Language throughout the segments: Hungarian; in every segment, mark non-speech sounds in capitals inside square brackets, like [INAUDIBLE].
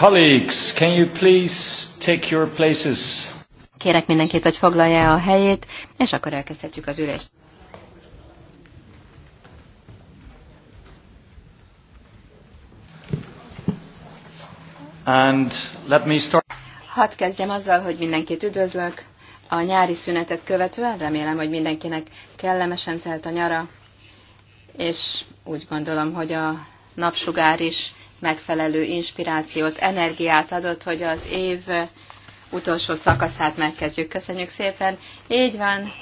Colleagues, can you please take your places? Kérek mindenkit, hogy foglalja a helyét, és akkor elkezdhetjük az ülést. And let me start. Hadd kezdjem azzal, hogy mindenkit üdvözlök. A nyári szünetet követően remélem, hogy mindenkinek kellemesen telt a nyara, és úgy gondolom, hogy a napsugár is megfelelő inspirációt, energiát adott, hogy az év utolsó szakaszát megkezdjük. Köszönjük szépen. Így van.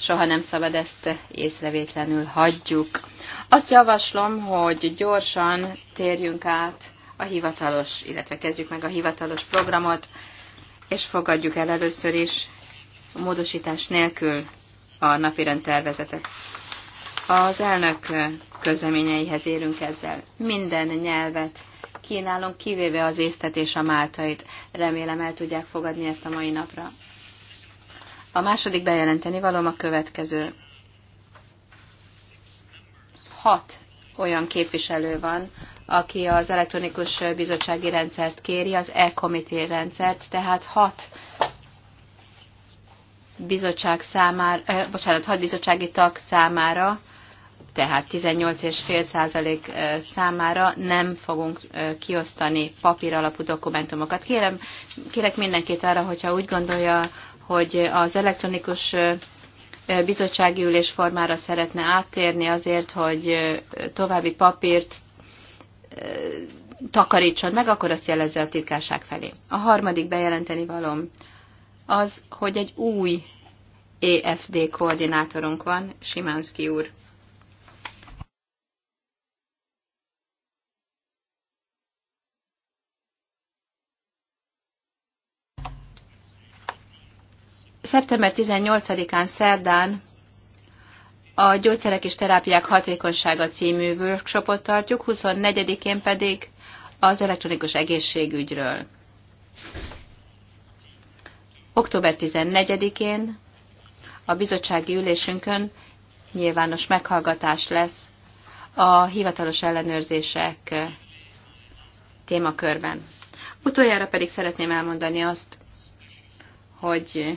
Soha nem szabad ezt észrevétlenül hagyjuk. Azt javaslom, hogy gyorsan térjünk át a hivatalos, illetve kezdjük meg a hivatalos programot, és fogadjuk el először is módosítás nélkül a napirend tervezetet. Az elnök közleményeihez érünk ezzel. Minden nyelvet kínálunk, kivéve az észtet és a máltait. Remélem el tudják fogadni ezt a mai napra. A második bejelenteni valom a következő. Hat olyan képviselő van, aki az elektronikus bizottsági rendszert kéri, az e komité rendszert, tehát hat bizottság számára, eh, bocsánat, hat bizottsági tag számára tehát 18,5% számára nem fogunk kiosztani papír alapú dokumentumokat. Kérem, kérek mindenkit arra, hogyha úgy gondolja, hogy az elektronikus bizottsági ülés formára szeretne áttérni azért, hogy további papírt takarítson meg, akkor azt jelezze a titkárság felé. A harmadik bejelenteni valom az, hogy egy új EFD koordinátorunk van, Simánszki úr. Szeptember 18-án szerdán a Gyógyszerek és Terápiák Hatékonysága című workshopot tartjuk, 24-én pedig az elektronikus egészségügyről. Október 14-én a bizottsági ülésünkön nyilvános meghallgatás lesz a hivatalos ellenőrzések témakörben. Utoljára pedig szeretném elmondani azt, hogy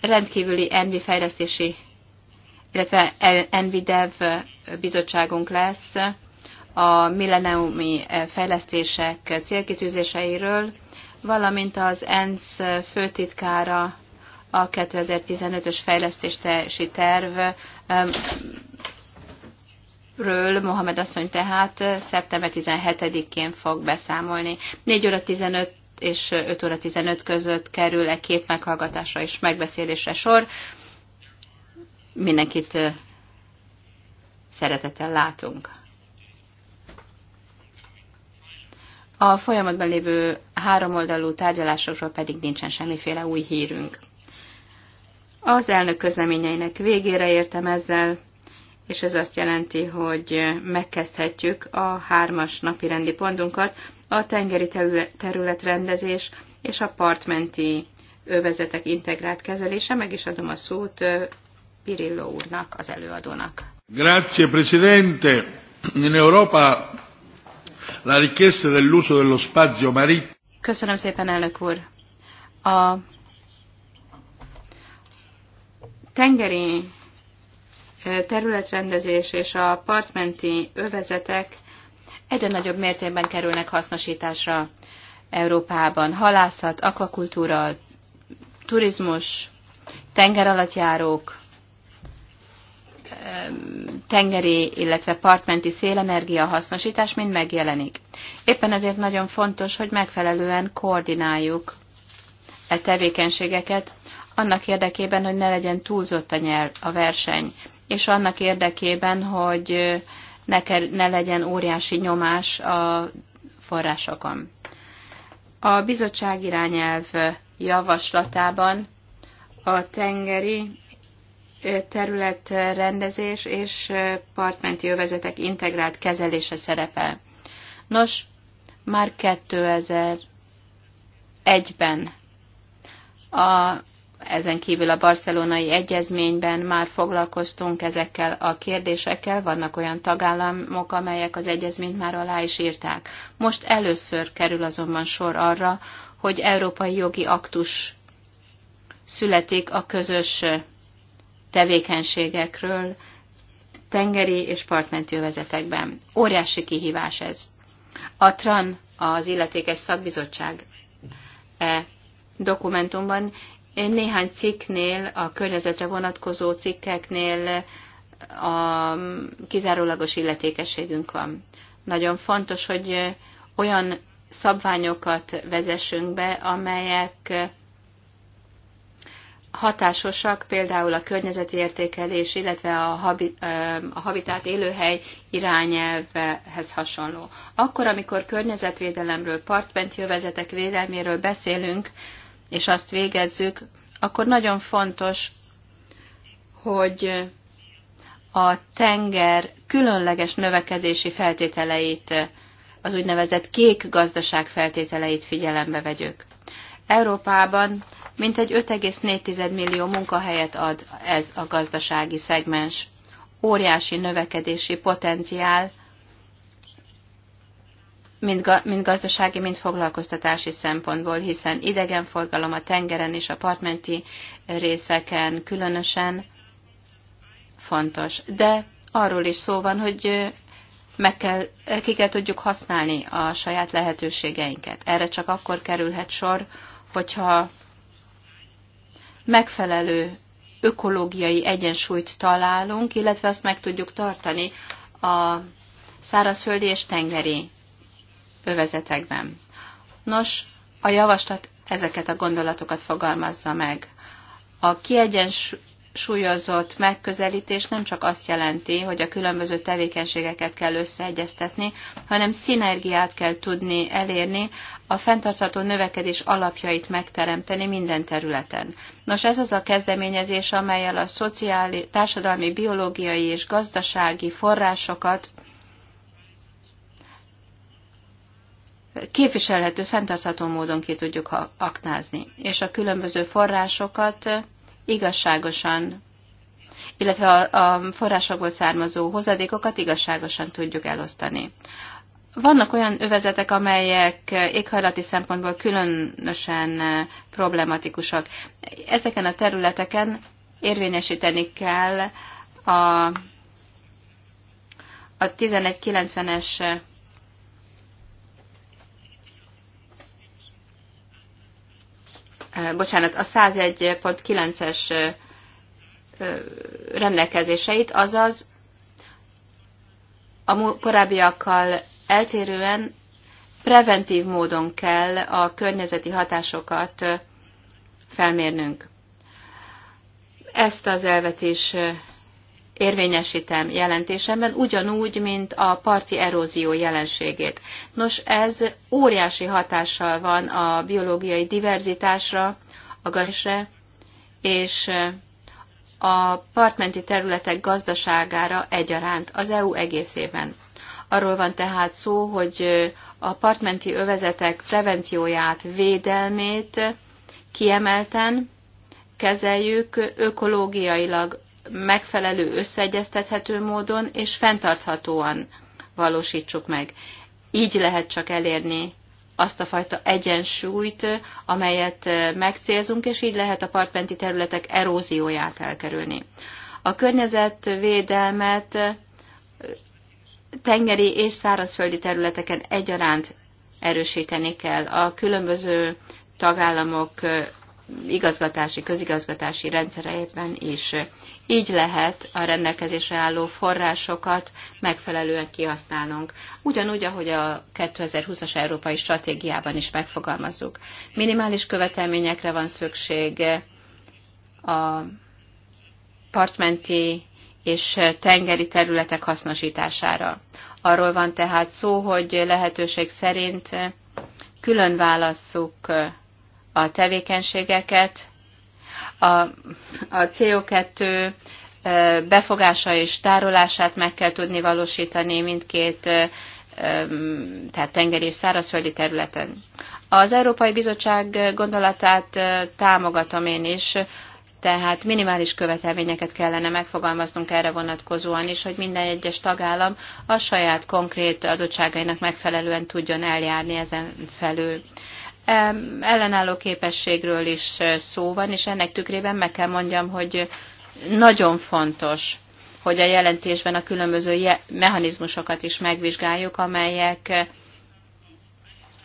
rendkívüli ENVI fejlesztési, illetve ENVI Dev bizottságunk lesz a milleniumi fejlesztések célkitűzéseiről, valamint az ENSZ főtitkára a 2015-ös fejlesztési tervről, Mohamed asszony tehát szeptember 17-én fog beszámolni. 4 óra 15 és 5 óra 15 között kerül egy két meghallgatásra és megbeszélésre sor. Mindenkit szeretettel látunk. A folyamatban lévő háromoldalú tárgyalásokról pedig nincsen semmiféle új hírünk. Az elnök közleményeinek végére értem ezzel, és ez azt jelenti, hogy megkezdhetjük a hármas napi rendi pontunkat, a tengeri területrendezés és a partmenti övezetek integrált kezelése. Meg is adom a szót Pirillo úrnak, az előadónak. Grazie, Presidente. In Europa la richiesta dell'uso dello spazio marittimo. Köszönöm szépen, elnök úr. A tengeri területrendezés és a partmenti övezetek egyre nagyobb mértékben kerülnek hasznosításra Európában. Halászat, akvakultúra, turizmus, tengeralattjárók, tengeri, illetve partmenti szélenergia hasznosítás mind megjelenik. Éppen ezért nagyon fontos, hogy megfelelően koordináljuk e tevékenységeket, annak érdekében, hogy ne legyen túlzott a, nyelv a verseny, és annak érdekében, hogy ne, ker- ne legyen óriási nyomás a forrásokon. A bizottság irányelv javaslatában a tengeri területrendezés és partmenti övezetek integrált kezelése szerepel. Nos, már 2001-ben a ezen kívül a barcelonai egyezményben már foglalkoztunk ezekkel a kérdésekkel, vannak olyan tagállamok, amelyek az egyezményt már alá is írták. Most először kerül azonban sor arra, hogy európai jogi aktus születik a közös tevékenységekről tengeri és partmenti övezetekben. Óriási kihívás ez. A TRAN, az illetékes szakbizottság e dokumentumban néhány cikknél, a környezetre vonatkozó cikkeknél a kizárólagos illetékességünk van. Nagyon fontos, hogy olyan szabványokat vezessünk be, amelyek hatásosak, például a környezeti értékelés, illetve a, habi, a habitát élőhely irányelvehez hasonló. Akkor, amikor környezetvédelemről, partmenti jövezetek védelméről beszélünk, és azt végezzük, akkor nagyon fontos, hogy a tenger különleges növekedési feltételeit, az úgynevezett kék gazdaság feltételeit figyelembe vegyük. Európában mintegy 5,4 millió munkahelyet ad ez a gazdasági szegmens. Óriási növekedési potenciál mind, mind gazdasági, mind foglalkoztatási szempontból, hiszen idegenforgalom a tengeren és a partmenti részeken különösen fontos. De arról is szó van, hogy meg kell, ki kell tudjuk használni a saját lehetőségeinket. Erre csak akkor kerülhet sor, hogyha megfelelő ökológiai egyensúlyt találunk, illetve azt meg tudjuk tartani a szárazföldi és tengeri övezetekben. Nos, a javaslat ezeket a gondolatokat fogalmazza meg. A kiegyensúlyozott megközelítés nem csak azt jelenti, hogy a különböző tevékenységeket kell összeegyeztetni, hanem szinergiát kell tudni elérni, a fenntartható növekedés alapjait megteremteni minden területen. Nos, ez az a kezdeményezés, amelyel a szociális, társadalmi, biológiai és gazdasági forrásokat képviselhető, fenntartható módon ki tudjuk aknázni, és a különböző forrásokat igazságosan, illetve a forrásokból származó hozadékokat igazságosan tudjuk elosztani. Vannak olyan övezetek, amelyek éghajlati szempontból különösen eh, problematikusak. Ezeken a területeken érvényesíteni kell a, a 1190-es bocsánat, a 101.9-es rendelkezéseit, azaz a korábbiakkal eltérően preventív módon kell a környezeti hatásokat felmérnünk. Ezt az elvet is érvényesítem jelentésemben, ugyanúgy, mint a parti erózió jelenségét. Nos, ez óriási hatással van a biológiai diverzitásra, a gazdaságra, és a partmenti területek gazdaságára egyaránt az EU egészében. Arról van tehát szó, hogy a partmenti övezetek prevencióját, védelmét kiemelten kezeljük ökológiailag megfelelő, összeegyeztethető módon és fenntarthatóan valósítsuk meg. Így lehet csak elérni azt a fajta egyensúlyt, amelyet eh, megcélzunk, és így lehet a partmenti területek erózióját elkerülni. A környezetvédelmet eh, tengeri és szárazföldi területeken egyaránt erősíteni kell. A különböző tagállamok eh, igazgatási, közigazgatási rendszereiben is. Így lehet a rendelkezésre álló forrásokat megfelelően kihasználnunk. Ugyanúgy, ahogy a 2020-as európai stratégiában is megfogalmazzuk. Minimális követelményekre van szükség a partmenti és tengeri területek hasznosítására. Arról van tehát szó, hogy lehetőség szerint külön válasszuk a tevékenységeket, a, a CO2 befogása és tárolását meg kell tudni valósítani mindkét tehát tengeri és szárazföldi területen. Az Európai Bizottság gondolatát támogatom én is, tehát minimális követelményeket kellene megfogalmaznunk erre vonatkozóan is, hogy minden egyes tagállam a saját konkrét adottságainak megfelelően tudjon eljárni ezen felül ellenálló képességről is szó van, és ennek tükrében meg kell mondjam, hogy nagyon fontos, hogy a jelentésben a különböző mechanizmusokat is megvizsgáljuk, amelyek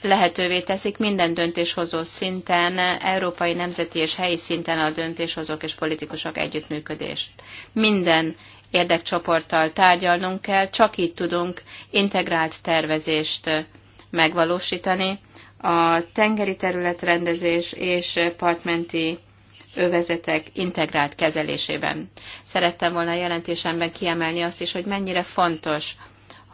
lehetővé teszik minden döntéshozó szinten, európai, nemzeti és helyi szinten a döntéshozók és politikusok együttműködést. Minden érdekcsoporttal tárgyalnunk kell, csak így tudunk integrált tervezést megvalósítani, a tengeri területrendezés és partmenti övezetek integrált kezelésében. Szerettem volna a jelentésemben kiemelni azt is, hogy mennyire fontos,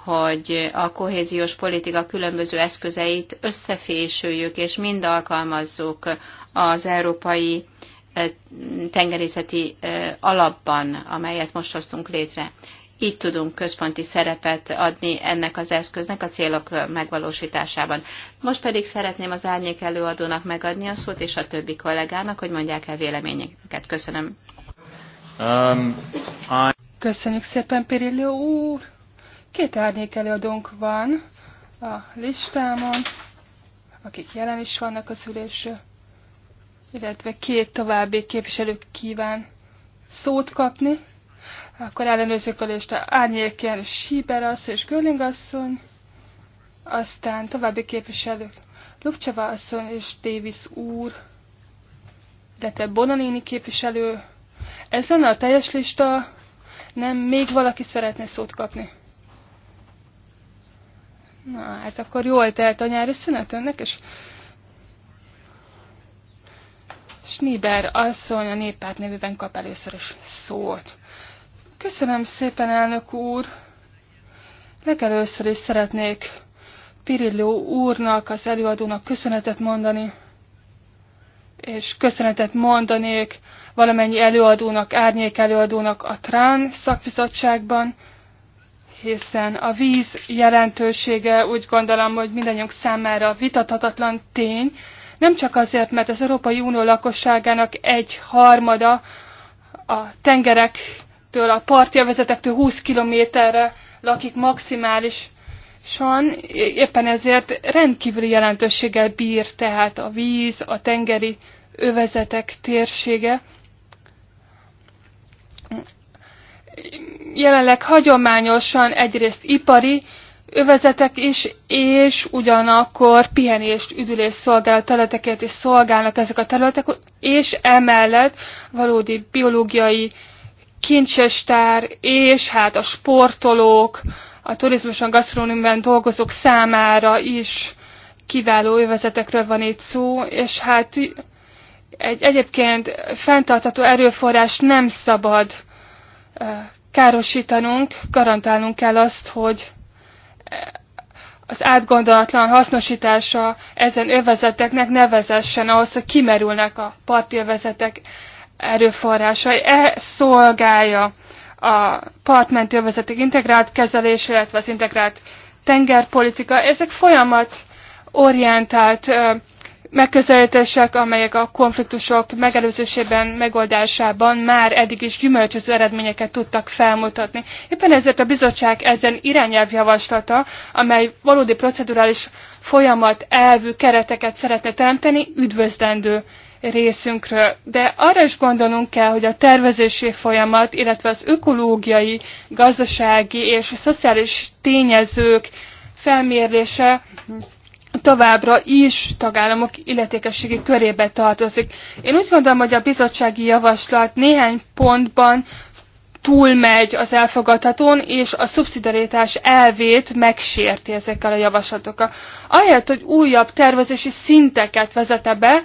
hogy a kohéziós politika különböző eszközeit összefésüljük és mind alkalmazzuk az európai eh, tengerészeti eh, alapban, amelyet most hoztunk létre. Így tudunk központi szerepet adni ennek az eszköznek a célok megvalósításában. Most pedig szeretném az árnyék előadónak megadni a szót, és a többi kollégának, hogy mondják el véleményeket. Köszönöm. Um, I... Köszönjük szépen, Pirillo úr! Két árnyék előadónk van a listámon, akik jelen is vannak az ülésről, illetve két további képviselők kíván szót kapni. Akkor ellenőrzők a lista árnyékén Síber asszony és Göling asszony, aztán további képviselők Lupcseva asszony és Davis úr, illetve Bonanini képviselő. Ez lenne a teljes lista, nem még valaki szeretne szót kapni. Na, hát akkor jól telt a nyári szünet önnek, és Schnieber asszony a néppárt nevűben kap először is szót. Köszönöm szépen, elnök úr! Legelőször is szeretnék Pirilló úrnak, az előadónak köszönetet mondani, és köszönetet mondanék valamennyi előadónak, árnyék előadónak a TRÁN szakbizottságban, hiszen a víz jelentősége úgy gondolom, hogy mindannyiunk számára vitathatatlan tény, nem csak azért, mert az Európai Unió lakosságának egy harmada a tengerek től a partjavezetektől 20 kilométerre lakik maximális Son, éppen ezért rendkívüli jelentőséggel bír tehát a víz, a tengeri övezetek térsége. Jelenleg hagyományosan egyrészt ipari övezetek is, és ugyanakkor pihenést, üdülés szolgáló területeket is szolgálnak ezek a területek, és emellett valódi biológiai kincsestár és hát a sportolók, a turizmuson, gasztronómiában dolgozók számára is kiváló övezetekről van itt szó, és hát egy egyébként fenntartható erőforrás nem szabad károsítanunk, garantálnunk kell azt, hogy az átgondolatlan hasznosítása ezen övezeteknek ne vezessen ahhoz, hogy kimerülnek a parti övezetek erőforrása, E szolgálja a partmenti övezetek integrált kezelés, illetve az integrált tengerpolitika. Ezek folyamat orientált megközelítések, amelyek a konfliktusok megelőzésében, megoldásában már eddig is gyümölcsöző eredményeket tudtak felmutatni. Éppen ezért a bizottság ezen irányelvjavaslata, amely valódi procedurális folyamat elvű kereteket szeretne teremteni, üdvözlendő részünkről, de arra is gondolnunk kell, hogy a tervezési folyamat, illetve az ökológiai, gazdasági és a szociális tényezők felmérése továbbra is tagállamok illetékességi körébe tartozik. Én úgy gondolom, hogy a bizottsági javaslat néhány pontban túlmegy az elfogadhatón, és a szubszidaritás elvét megsérti ezekkel a javaslatokkal. Ahelyett, hogy újabb tervezési szinteket vezete be,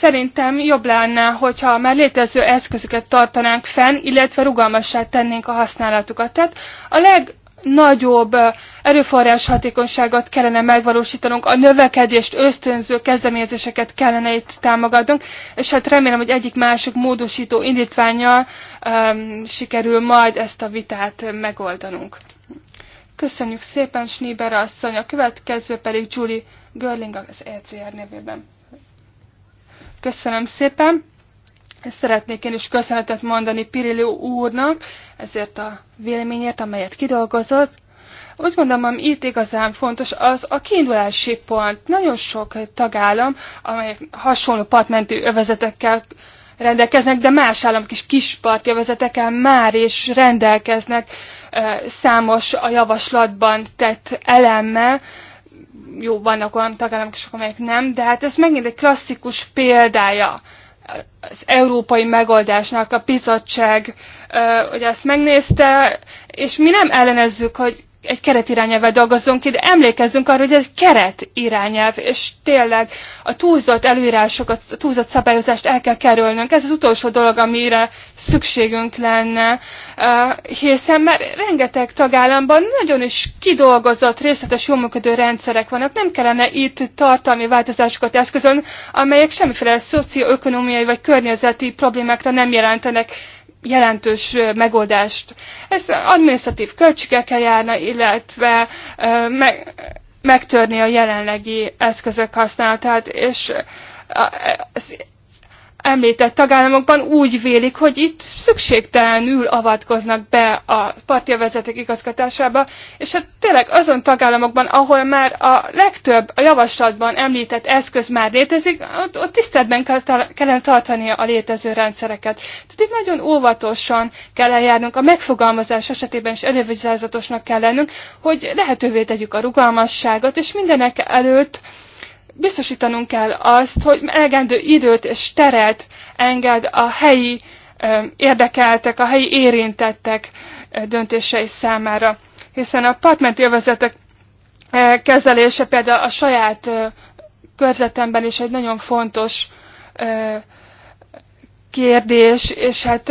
Szerintem jobb lenne, hogyha már létező eszközöket tartanánk fenn, illetve rugalmassá tennénk a használatukat. Tehát a leg, nagyobb erőforrás hatékonyságot kellene megvalósítanunk, a növekedést ösztönző kezdeményezéseket kellene itt támogatnunk, és hát remélem, hogy egyik másik módosító indítványjal um, sikerül majd ezt a vitát megoldanunk. Köszönjük szépen, Schnieber asszony, a következő pedig Julie Görling az ECR nevében. Köszönöm szépen. Szeretnék én is köszönetet mondani Pirilli úrnak ezért a véleményért, amelyet kidolgozott. Úgy gondolom, ami itt igazán fontos, az a kiindulási pont. Nagyon sok tagállam, amelyek hasonló partmenti övezetekkel rendelkeznek, de más államok is kis partjövezetekkel már is rendelkeznek eh, számos a javaslatban tett elemmel, jó, vannak olyan tagállamok is, amelyek nem, de hát ez megint egy klasszikus példája az európai megoldásnak a bizottság, hogy ezt megnézte, és mi nem ellenezzük, hogy egy irányelvvel dolgozzunk ki, de emlékezzünk arra, hogy ez keret irányelv, és tényleg a túlzott előírásokat, a túlzott szabályozást el kell kerülnünk. Ez az utolsó dolog, amire szükségünk lenne, hiszen már rengeteg tagállamban nagyon is kidolgozott, részletes, jól működő rendszerek vannak. Nem kellene itt tartalmi változásokat eszközön, amelyek semmiféle szocioökonomiai vagy környezeti problémákra nem jelentenek jelentős megoldást. Ez administratív költségekkel járna, illetve megtörni a jelenlegi eszközök használatát, és említett tagállamokban úgy vélik, hogy itt szükségtelenül avatkoznak be a partjavezetek igazgatásába, és hát tényleg azon tagállamokban, ahol már a legtöbb a javaslatban említett eszköz már létezik, ott, ott tiszteletben kell, kellene tartani a létező rendszereket. Tehát itt nagyon óvatosan kell eljárnunk, a megfogalmazás esetében is elővizsgálatosnak kell lennünk, hogy lehetővé tegyük a rugalmasságot, és mindenek előtt biztosítanunk kell azt, hogy elegendő időt és teret enged a helyi érdekeltek, a helyi érintettek döntései számára. Hiszen a partmenti övezetek kezelése például a saját körzetemben is egy nagyon fontos kérdés, és hát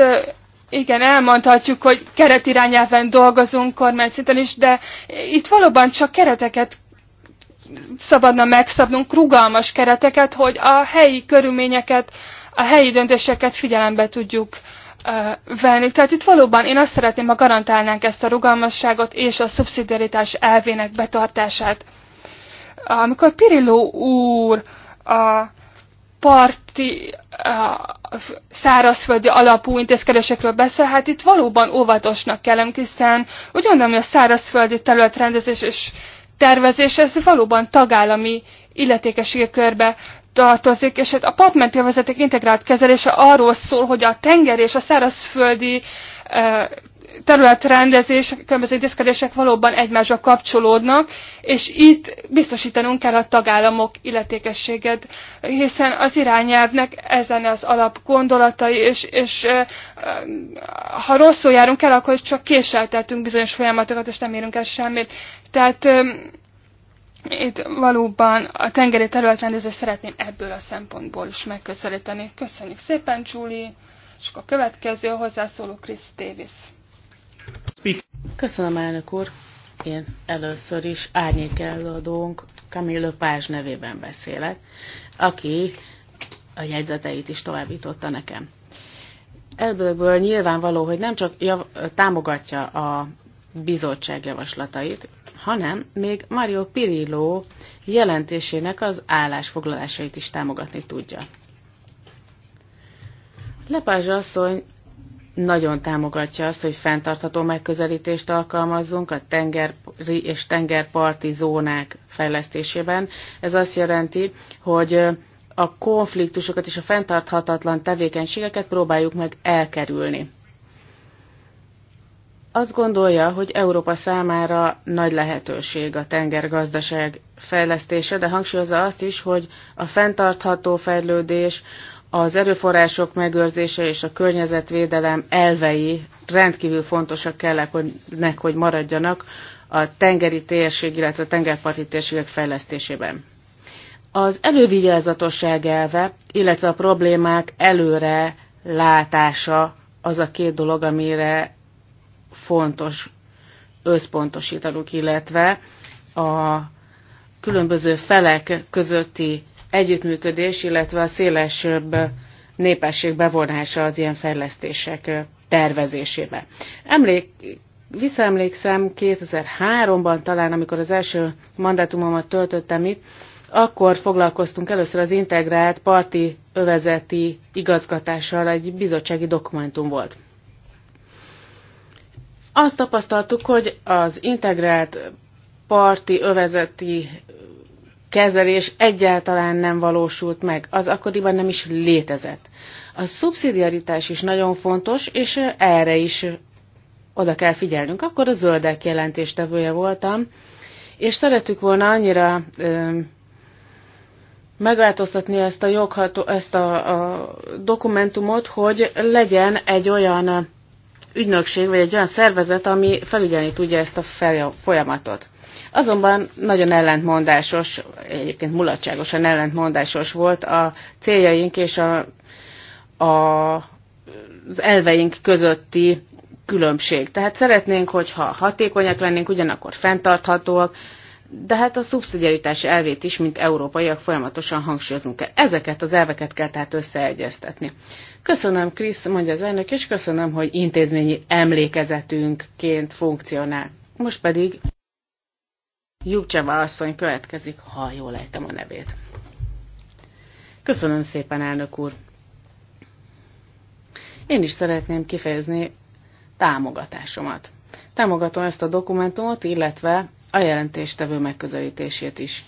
igen, elmondhatjuk, hogy keretirányelven dolgozunk kormány szinten is, de itt valóban csak kereteket szabadna megszabnunk rugalmas kereteket, hogy a helyi körülményeket, a helyi döntéseket figyelembe tudjuk venni. Tehát itt valóban én azt szeretném, ha garantálnánk ezt a rugalmasságot és a szubszidiaritás elvének betartását. Amikor Pirilló úr a parti a szárazföldi alapú intézkedésekről beszél, hát itt valóban óvatosnak kellem, hiszen úgy gondolom, hogy a szárazföldi területrendezés és tervezés, ez valóban tagállami illetékességi körbe tartozik, és hát a partmenti vezeték integrált kezelése arról szól, hogy a tenger és a szárazföldi területrendezések, különböző intézkedések valóban egymásra kapcsolódnak, és itt biztosítanunk kell a tagállamok illetékességet, hiszen az irányelvnek ez lenne az alap gondolatai, és, és ha rosszul járunk el, akkor csak késeltetünk bizonyos folyamatokat, és nem érünk el semmit. Tehát itt valóban a tengeri területrendezést szeretném ebből a szempontból is megközelíteni. Köszönjük szépen, Csúli! És a következő hozzászóló Chris Davis. Köszönöm, elnök úr. Én először is árnyékelőadónk Camillo Pázs nevében beszélek, aki a jegyzeteit is továbbította nekem. Ebből nyilvánvaló, hogy nem csak jav, támogatja a bizottság javaslatait, hanem még Mario Pirillo jelentésének az állásfoglalásait is támogatni tudja. Lepázs asszony nagyon támogatja azt, hogy fenntartható megközelítést alkalmazzunk a tengeri és tengerparti zónák fejlesztésében. Ez azt jelenti, hogy a konfliktusokat és a fenntarthatatlan tevékenységeket próbáljuk meg elkerülni. Azt gondolja, hogy Európa számára nagy lehetőség a tengergazdaság fejlesztése, de hangsúlyozza azt is, hogy a fenntartható fejlődés, az erőforrások megőrzése és a környezetvédelem elvei rendkívül fontosak kellnek, hogy, hogy maradjanak a tengeri térség, illetve a tengerparti térségek fejlesztésében. Az elővigyázatosság elve, illetve a problémák előre látása az a két dolog, amire fontos összpontosítanunk, illetve a különböző felek közötti együttműködés, illetve a szélesebb népesség bevonása az ilyen fejlesztések tervezésébe. Emlék, visszaemlékszem 2003-ban talán, amikor az első mandátumomat töltöttem itt, akkor foglalkoztunk először az integrált parti övezeti igazgatással, egy bizottsági dokumentum volt. Azt tapasztaltuk, hogy az integrált parti övezeti kezelés egyáltalán nem valósult meg, az akkoriban nem is létezett. A szubszidiaritás is nagyon fontos, és erre is oda kell figyelnünk. Akkor a zöldek jelentéstevője voltam, és szeretük volna annyira ö, megváltoztatni ezt a, jogható, ezt a, a dokumentumot, hogy legyen egy olyan ügynökség, vagy egy olyan szervezet, ami felügyelni tudja ezt a folyamatot. Azonban nagyon ellentmondásos, egyébként mulatságosan ellentmondásos volt a céljaink és a, a, az elveink közötti különbség. Tehát szeretnénk, hogyha hatékonyak lennénk, ugyanakkor fenntarthatóak, de hát a szubszidiaritás elvét is, mint európaiak folyamatosan hangsúlyozunk kell. Ezeket az elveket kell tehát összeegyeztetni. Köszönöm, Krisz, mondja az elnök, és köszönöm, hogy intézményi emlékezetünkként funkcionál. Most pedig Jukcseva asszony következik, ha jól lejtem a nevét. Köszönöm szépen, elnök úr! Én is szeretném kifejezni támogatásomat. Támogatom ezt a dokumentumot, illetve a jelentéstevő megközelítését is.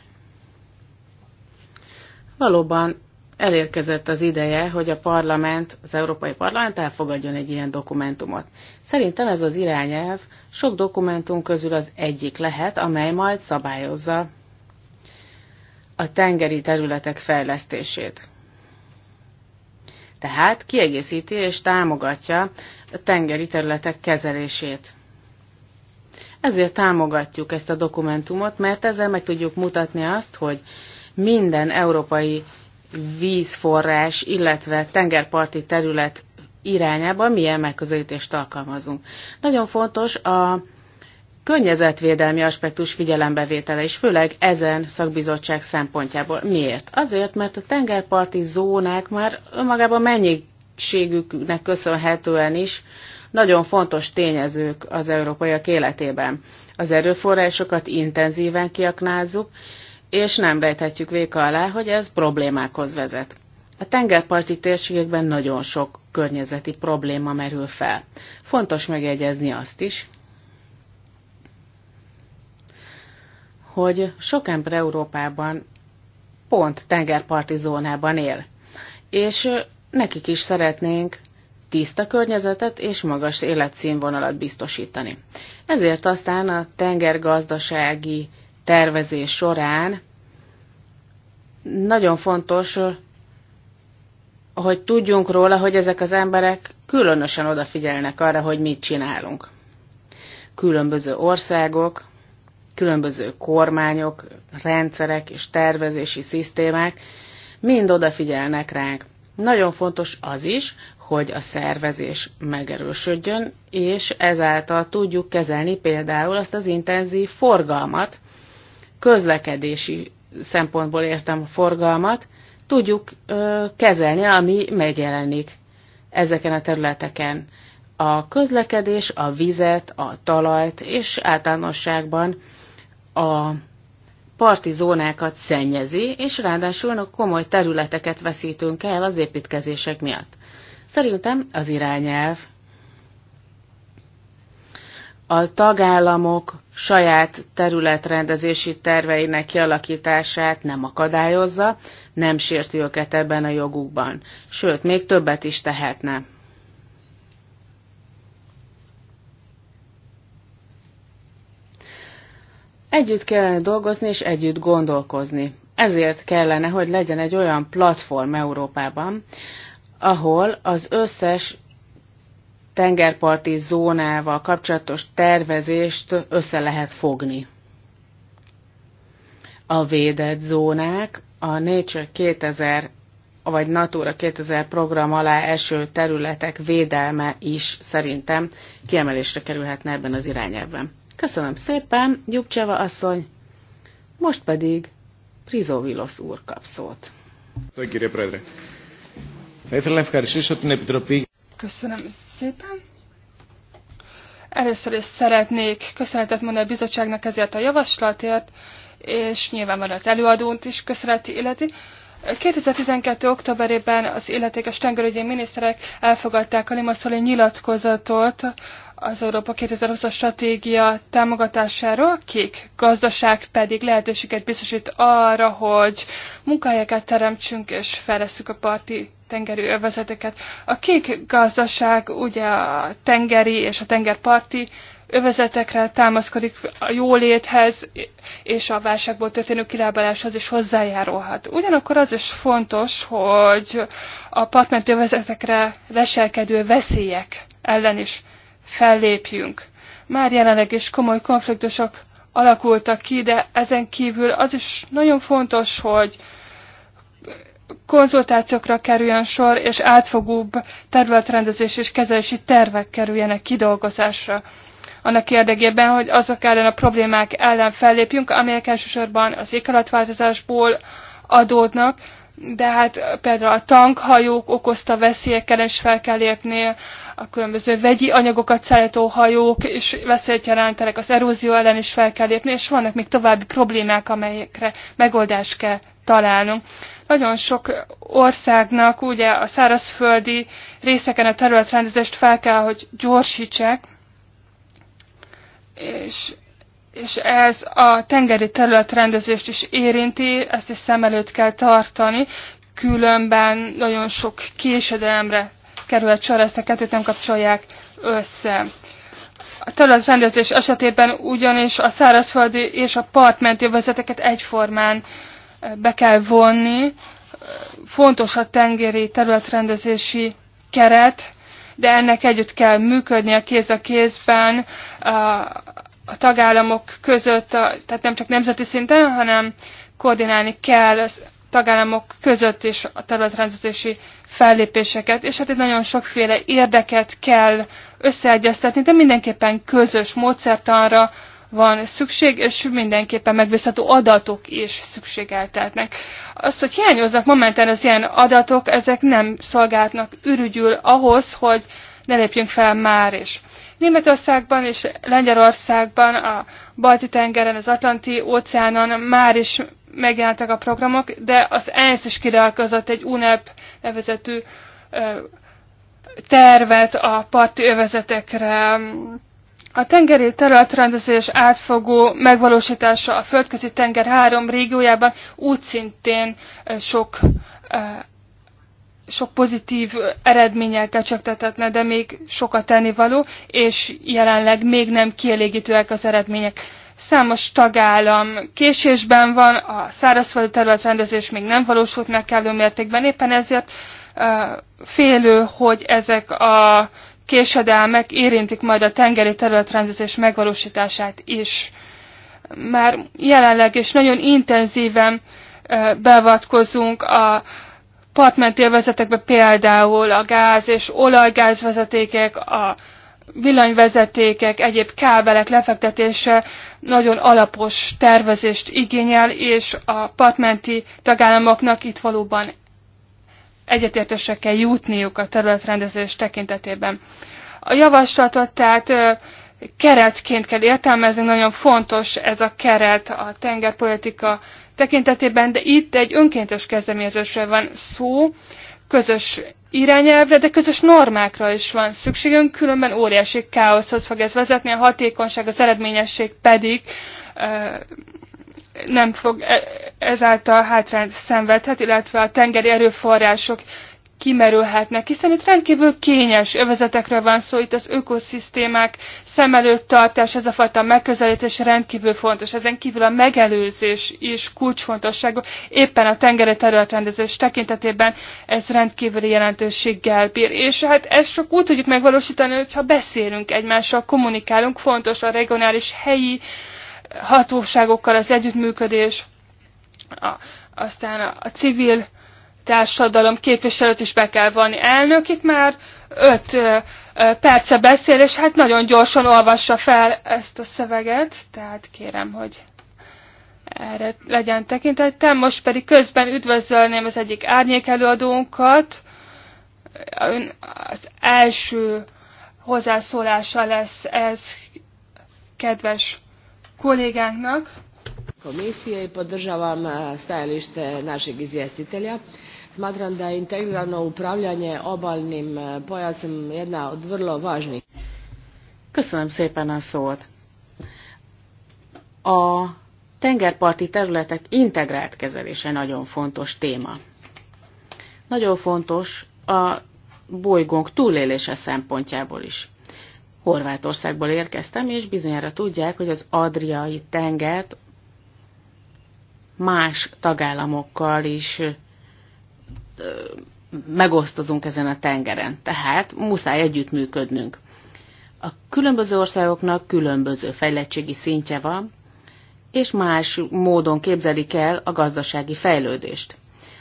Valóban elérkezett az ideje, hogy a parlament, az Európai Parlament elfogadjon egy ilyen dokumentumot. Szerintem ez az irányelv sok dokumentum közül az egyik lehet, amely majd szabályozza a tengeri területek fejlesztését. Tehát kiegészíti és támogatja a tengeri területek kezelését. Ezért támogatjuk ezt a dokumentumot, mert ezzel meg tudjuk mutatni azt, hogy minden európai vízforrás, illetve tengerparti terület irányába milyen megközelítést alkalmazunk. Nagyon fontos a környezetvédelmi aspektus figyelembevétele is, főleg ezen szakbizottság szempontjából. Miért? Azért, mert a tengerparti zónák már önmagában mennyiségüknek köszönhetően is nagyon fontos tényezők az európaiak életében. Az erőforrásokat intenzíven kiaknázzuk, és nem rejthetjük véka alá, hogy ez problémákhoz vezet. A tengerparti térségekben nagyon sok környezeti probléma merül fel. Fontos megjegyezni azt is, hogy sok ember Európában pont tengerparti zónában él, és nekik is szeretnénk tiszta környezetet és magas életszínvonalat biztosítani. Ezért aztán a tengergazdasági tervezés során nagyon fontos, hogy tudjunk róla, hogy ezek az emberek különösen odafigyelnek arra, hogy mit csinálunk. Különböző országok, különböző kormányok, rendszerek és tervezési szisztémák mind odafigyelnek ránk. Nagyon fontos az is, hogy a szervezés megerősödjön, és ezáltal tudjuk kezelni például azt az intenzív forgalmat, közlekedési szempontból értem a forgalmat, tudjuk ö, kezelni, ami megjelenik ezeken a területeken. A közlekedés, a vizet, a talajt és általánosságban a parti zónákat szennyezi, és ráadásul komoly területeket veszítünk el az építkezések miatt. Szerintem az irányelv a tagállamok saját területrendezési terveinek kialakítását nem akadályozza, nem sérti őket ebben a jogukban. Sőt, még többet is tehetne. Együtt kellene dolgozni és együtt gondolkozni. Ezért kellene, hogy legyen egy olyan platform Európában, ahol az összes tengerparti zónával kapcsolatos tervezést össze lehet fogni. A védett zónák a Nature 2000 vagy Natura 2000 program alá eső területek védelme is szerintem kiemelésre kerülhetne ebben az irányában. Köszönöm szépen, Gyubcseva asszony, most pedig Prizovilos úr kap szót. Köszönöm szépen. Először is szeretnék köszönetet mondani a bizottságnak ezért a javaslatért, és nyilvánvalóan az előadónt is köszöneti illeti. 2012. októberében az illetékes tengerügyi miniszterek elfogadták a Limasszoli nyilatkozatot az Európa 2020-as stratégia támogatásáról, kék gazdaság pedig lehetőséget biztosít arra, hogy munkahelyeket teremtsünk és fejlesztjük a parti tengeri övezeteket. A kék gazdaság ugye a tengeri és a tengerparti övezetekre támaszkodik a jóléthez és a válságból történő kilábaláshoz is hozzájárulhat. Ugyanakkor az is fontos, hogy a partmenti övezetekre leselkedő veszélyek ellen is fellépjünk. Már jelenleg is komoly konfliktusok alakultak ki, de ezen kívül az is nagyon fontos, hogy konzultációkra kerüljön sor, és átfogóbb területrendezés és kezelési tervek kerüljenek kidolgozásra. Annak érdekében, hogy azok ellen a problémák ellen fellépjünk, amelyek elsősorban az éghajlatváltozásból adódnak, de hát például a tankhajók okozta veszélyekkel is fel kell lépni, a különböző vegyi anyagokat szállító hajók is veszélyt jelentenek, az erózió ellen is fel kell lépni, és vannak még további problémák, amelyekre megoldást kell találnunk. Nagyon sok országnak ugye a szárazföldi részeken a területrendezést fel kell, hogy gyorsítsák, és, és ez a tengeri területrendezést is érinti, ezt is szem előtt kell tartani, különben nagyon sok késedelemre a sor, ezt a kettőt nem kapcsolják össze. A területrendezés esetében ugyanis a szárazföldi és a partmenti vezeteket egyformán be kell vonni. Fontos a tengeri területrendezési keret, de ennek együtt kell a kéz a kézben a, a tagállamok között, a, tehát nem csak nemzeti szinten, hanem koordinálni kell a tagállamok között is a területrendezési fellépéseket, és hát itt nagyon sokféle érdeket kell összeegyeztetni, de mindenképpen közös módszertanra, van szükség, és mindenképpen megbízható adatok is szükségeltetnek. Azt, hogy hiányoznak momentán az ilyen adatok, ezek nem szolgáltnak ürügyül ahhoz, hogy ne lépjünk fel már is. Németországban és Lengyelországban, a Balti-tengeren, az Atlanti óceánon már is megjelentek a programok, de az ENSZ is kirealkozott egy UNEP nevezetű tervet a parti övezetekre, a tengeri területrendezés átfogó megvalósítása a földközi tenger három régiójában úgy szintén sok, sok pozitív eredménnyel kecsegtetetne, de még sokat tennivaló, és jelenleg még nem kielégítőek az eredmények. Számos tagállam késésben van, a szárazföldi területrendezés még nem valósult meg kellő mértékben, éppen ezért félő, hogy ezek a késedelmek érintik majd a tengeri területrendezés megvalósítását is. Már jelenleg is nagyon intenzíven beavatkozunk a partmenti vezetekbe például a gáz és olajgázvezetékek, a villanyvezetékek, egyéb kábelek lefektetése nagyon alapos tervezést igényel, és a partmenti tagállamoknak itt valóban egyetértésre kell jutniuk a területrendezés tekintetében. A javaslatot tehát keretként kell értelmezni, nagyon fontos ez a keret a tengerpolitika tekintetében, de itt egy önkéntes kezdeményezésre van szó, közös irányelvre, de közös normákra is van szükségünk, különben óriási káoszhoz fog ez vezetni, a hatékonyság, az eredményesség pedig nem fog e, ezáltal hátrányt szenvedhet, illetve a tengeri erőforrások kimerülhetnek, hiszen itt rendkívül kényes övezetekre van szó, itt az ökoszisztémák szem előtt tartás, ez a fajta megközelítés rendkívül fontos. Ezen kívül a megelőzés is kulcsfontosságú, éppen a tengeri területrendezés tekintetében ez rendkívüli jelentőséggel bír. És hát ezt csak úgy tudjuk megvalósítani, hogyha beszélünk egymással, kommunikálunk, fontos a regionális helyi hatóságokkal az együttműködés, a, aztán a, a civil társadalom képviselőt is be kell vonni. Elnök itt már öt ö, ö, perce beszél, és hát nagyon gyorsan olvassa fel ezt a szöveget, tehát kérem, hogy erre legyen tekintettem. Most pedig közben üdvözölném az egyik árnyék előadónkat. Ön az első hozzászólása lesz ez, kedves kollégánknak. Komisije i podržavam e, stajalište našeg izvjestitelja. Smatram da je integrirano upravljanje obalnim e, pojasem jedna od vrlo važnih. Köszönöm szépen a szót. A tengerparti területek integrált kezelése nagyon fontos téma. Nagyon fontos a bolygónk túlélése szempontjából is. Horvátországból érkeztem, és bizonyára tudják, hogy az Adriai tengert más tagállamokkal is megosztozunk ezen a tengeren. Tehát muszáj együttműködnünk. A különböző országoknak különböző fejlettségi szintje van, és más módon képzelik el a gazdasági fejlődést.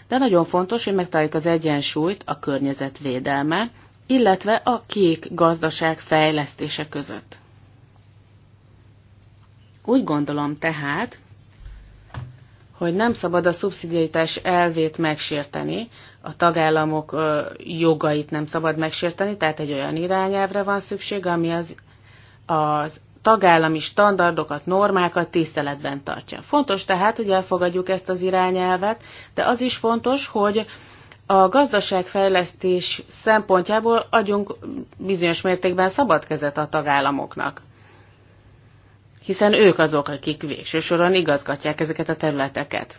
De nagyon fontos, hogy megtaláljuk az egyensúlyt a környezetvédelme illetve a kék gazdaság fejlesztése között. Úgy gondolom tehát, hogy nem szabad a szubszidiaitás elvét megsérteni, a tagállamok jogait nem szabad megsérteni, tehát egy olyan irányelvre van szükség, ami az, az tagállami standardokat, normákat tiszteletben tartja. Fontos tehát, hogy elfogadjuk ezt az irányelvet, de az is fontos, hogy a gazdaságfejlesztés szempontjából adjunk bizonyos mértékben szabad kezet a tagállamoknak. Hiszen ők azok, akik végső soron igazgatják ezeket a területeket.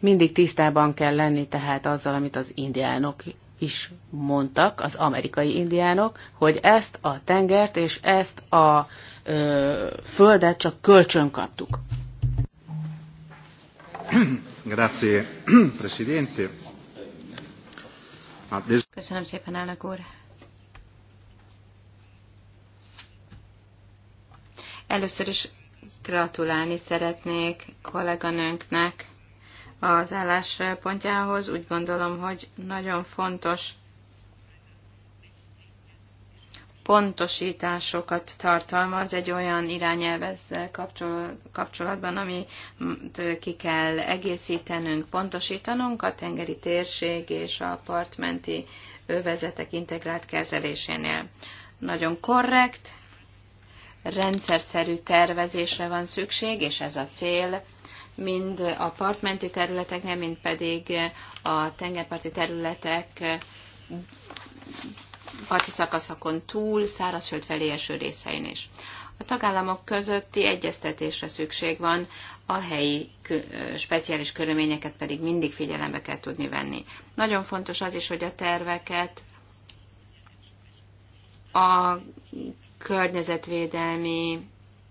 Mindig tisztában kell lenni tehát azzal, amit az indiánok is mondtak, az amerikai indiánok, hogy ezt a tengert és ezt a ö, földet csak kölcsön kaptuk. [CLEARS THROAT] [CLEARS THROAT] Köszönöm szépen, elnök úr. Először is gratulálni szeretnék kolléganőnknek az álláspontjához. Úgy gondolom, hogy nagyon fontos pontosításokat tartalmaz egy olyan irányelvezzel kapcsolatban, amit ki kell egészítenünk, pontosítanunk a tengeri térség és a partmenti övezetek integrált kezelésénél. Nagyon korrekt, rendszerszerű tervezésre van szükség, és ez a cél mind a partmenti területeknél, mind pedig a tengerparti területek parti szakaszokon túl, szárazföld felé eső részein is. A tagállamok közötti egyeztetésre szükség van, a helyi speciális körülményeket pedig mindig figyelembe kell tudni venni. Nagyon fontos az is, hogy a terveket a környezetvédelmi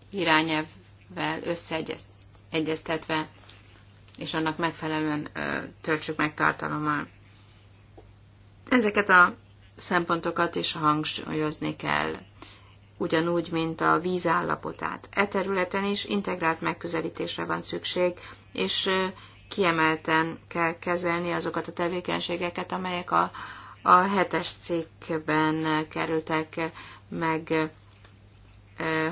irányelvvel összeegyeztetve, és annak megfelelően töltsük meg tartalommal. Ezeket a szempontokat is hangsúlyozni kell, ugyanúgy, mint a vízállapotát. E területen is integrált megközelítésre van szükség, és kiemelten kell kezelni azokat a tevékenységeket, amelyek a, a hetes cikkben kerültek meg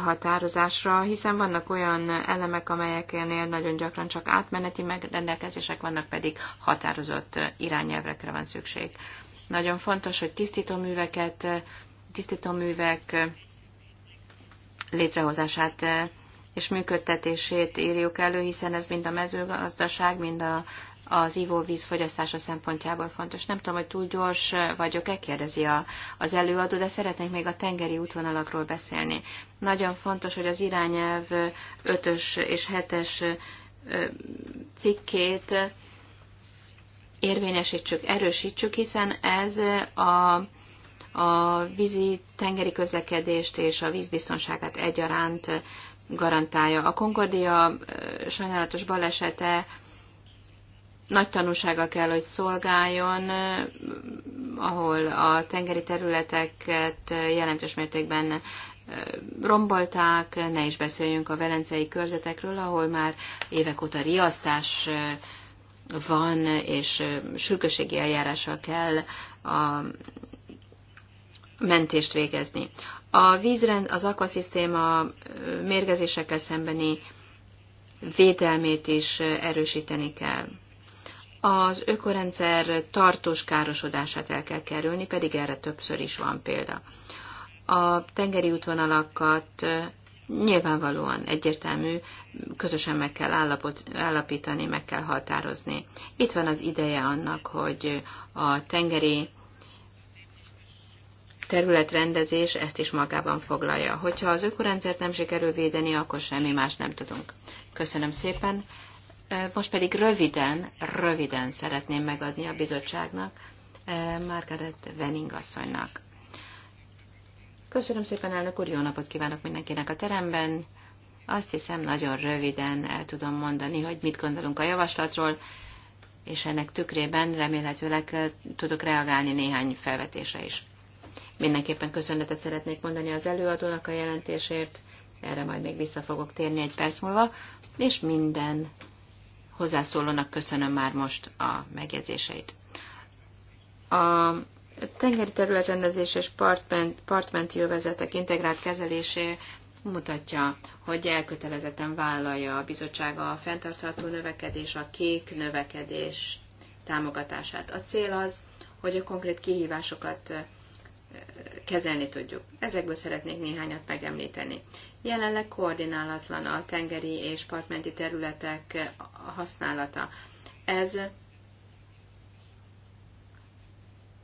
határozásra, hiszen vannak olyan elemek, amelyeknél nagyon gyakran csak átmeneti megrendelkezések vannak, pedig határozott irányelvekre van szükség. Nagyon fontos, hogy tisztítóműveket, tisztítóművek létrehozását és működtetését írjuk elő, hiszen ez mind a mezőgazdaság, mind a, az ivóvíz fogyasztása szempontjából fontos. Nem tudom, hogy túl gyors vagyok-e, kérdezi a, az előadó, de szeretnék még a tengeri útvonalakról beszélni. Nagyon fontos, hogy az irányelv 5-ös és 7-es cikkét érvényesítsük, erősítsük, hiszen ez a, a vízi tengeri közlekedést és a vízbiztonságát egyaránt garantálja. A Concordia sajnálatos balesete nagy tanulsága kell, hogy szolgáljon, ahol a tengeri területeket jelentős mértékben rombolták, ne is beszéljünk a velencei körzetekről, ahol már évek óta riasztás van, és sürgőségi eljárással kell a mentést végezni. A vízrend, az akvaszisztéma mérgezésekkel szembeni védelmét is erősíteni kell. Az ökorendszer tartós károsodását el kell kerülni, pedig erre többször is van példa. A tengeri útvonalakat nyilvánvalóan egyértelmű, közösen meg kell állapot, állapítani, meg kell határozni. Itt van az ideje annak, hogy a tengeri területrendezés ezt is magában foglalja. Hogyha az ökorendszert nem sikerül védeni, akkor semmi más nem tudunk. Köszönöm szépen. Most pedig röviden, röviden szeretném megadni a bizottságnak, Margaret Wenning asszonynak. Köszönöm szépen, elnök úr, jó napot kívánok mindenkinek a teremben. Azt hiszem, nagyon röviden el tudom mondani, hogy mit gondolunk a javaslatról, és ennek tükrében remélhetőleg eh, tudok reagálni néhány felvetésre is. Mindenképpen köszönetet szeretnék mondani az előadónak a jelentésért, erre majd még vissza fogok térni egy perc múlva, és minden hozzászólónak köszönöm már most a megjegyzéseit. A tengeri területrendezés és partment, partmenti övezetek integrált kezelésé mutatja, hogy elkötelezetten vállalja a bizottsága a fenntartható növekedés, a kék növekedés támogatását. A cél az, hogy a konkrét kihívásokat kezelni tudjuk. Ezekből szeretnék néhányat megemlíteni. Jelenleg koordinálatlan a tengeri és partmenti területek használata. Ez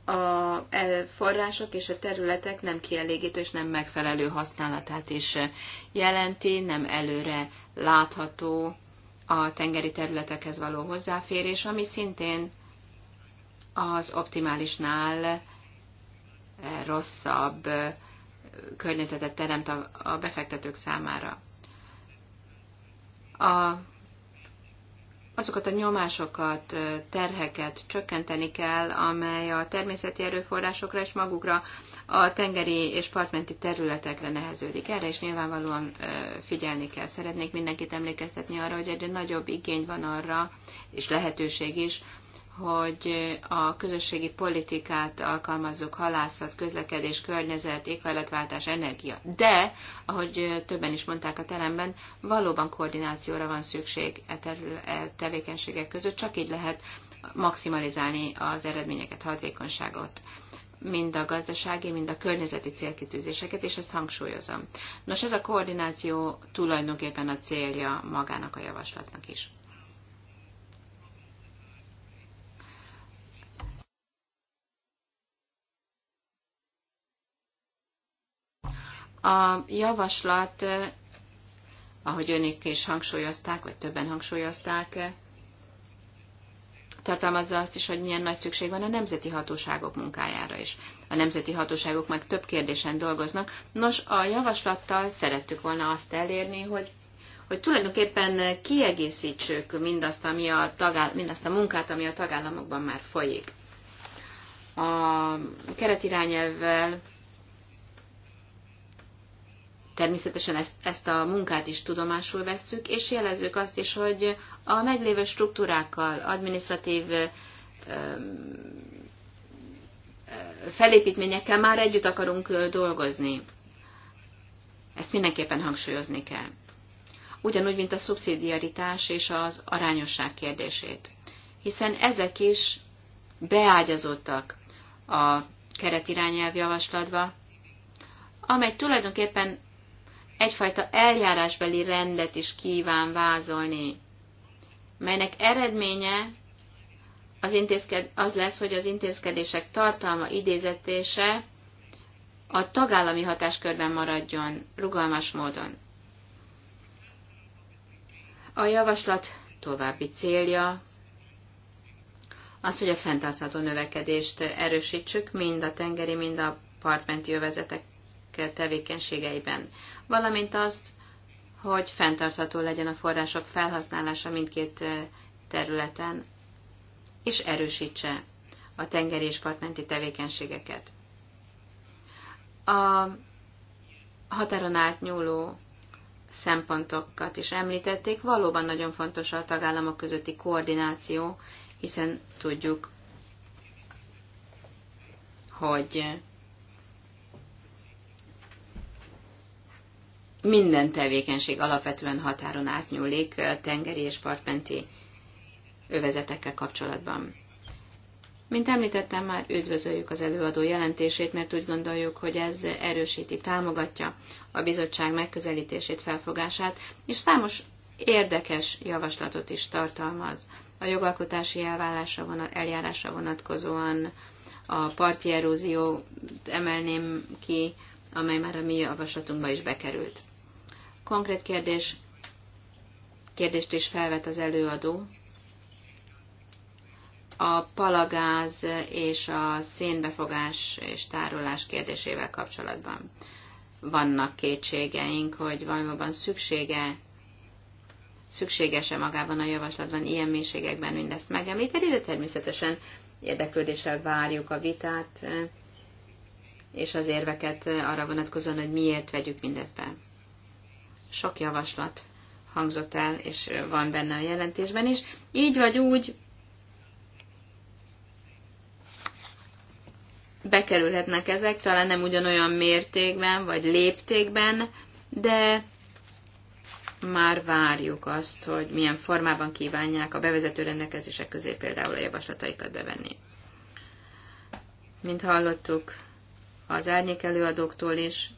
a források és a területek nem kielégítő és nem megfelelő használatát is jelenti, nem előre látható a tengeri területekhez való hozzáférés, ami szintén az optimálisnál rosszabb környezetet teremt a befektetők számára. A azokat a nyomásokat, terheket csökkenteni kell, amely a természeti erőforrásokra és magukra a tengeri és partmenti területekre neheződik. Erre is nyilvánvalóan figyelni kell. Szeretnék mindenkit emlékeztetni arra, hogy egyre nagyobb igény van arra, és lehetőség is, hogy a közösségi politikát alkalmazzuk, halászat, közlekedés, környezet, éghajlatváltás, energia. De, ahogy többen is mondták a teremben, valóban koordinációra van szükség e, terül, e tevékenységek között, csak így lehet maximalizálni az eredményeket, hatékonyságot mind a gazdasági, mind a környezeti célkitűzéseket, és ezt hangsúlyozom. Nos, ez a koordináció tulajdonképpen a célja magának a javaslatnak is. A javaslat, eh, ahogy önök is hangsúlyozták, vagy többen hangsúlyozták, eh, tartalmazza azt is, hogy milyen nagy szükség van a nemzeti hatóságok munkájára is. A nemzeti hatóságok meg több kérdésen dolgoznak. Nos, a javaslattal szerettük volna azt elérni, hogy hogy tulajdonképpen kiegészítsük mindazt, ami a tagáll- mindazt a munkát, ami a tagállamokban már folyik. A keretirányelvvel Természetesen ezt, ezt a munkát is tudomásul vesszük, és jelezzük azt is, hogy a meglévő struktúrákkal, administratív felépítményekkel már együtt akarunk dolgozni. Ezt mindenképpen hangsúlyozni kell. Ugyanúgy, mint a szubszidiaritás és az arányosság kérdését. Hiszen ezek is beágyazottak a keretirányelv javaslatba, amely tulajdonképpen egyfajta eljárásbeli rendet is kíván vázolni, melynek eredménye az, intézked, az lesz, hogy az intézkedések tartalma, idézetése a tagállami hatáskörben maradjon rugalmas módon. A javaslat további célja az, hogy a fenntartható növekedést erősítsük mind a tengeri, mind a partmenti övezetek tevékenységeiben, valamint azt, hogy fenntartható legyen a források felhasználása mindkét területen, és erősítse a tengeri és partmenti tevékenységeket. A határon átnyúló szempontokat is említették, valóban nagyon fontos a tagállamok közötti koordináció, hiszen tudjuk, hogy minden tevékenység alapvetően határon átnyúlik tengeri és partmenti övezetekkel kapcsolatban. Mint említettem, már üdvözöljük az előadó jelentését, mert úgy gondoljuk, hogy ez erősíti, támogatja a bizottság megközelítését, felfogását, és számos érdekes javaslatot is tartalmaz. A jogalkotási elvállásra vonat, eljárásra vonatkozóan a parti eróziót emelném ki, amely már a mi javaslatunkba is bekerült. Konkrét kérdés, kérdést is felvet az előadó. A palagáz és a szénbefogás és tárolás kérdésével kapcsolatban vannak kétségeink, hogy valóban szüksége szükséges-e magában a javaslatban ilyen mélységekben mindezt megemlíteni, de természetesen érdeklődéssel várjuk a vitát eh, és az érveket arra vonatkozóan, hogy miért vegyük mindezt be sok javaslat hangzott el, és van benne a jelentésben is. Így vagy úgy bekerülhetnek ezek, talán nem ugyanolyan mértékben, vagy léptékben, de már várjuk azt, hogy milyen formában kívánják a bevezető rendelkezések közé például a javaslataikat bevenni. Mint hallottuk az árnyék előadóktól is,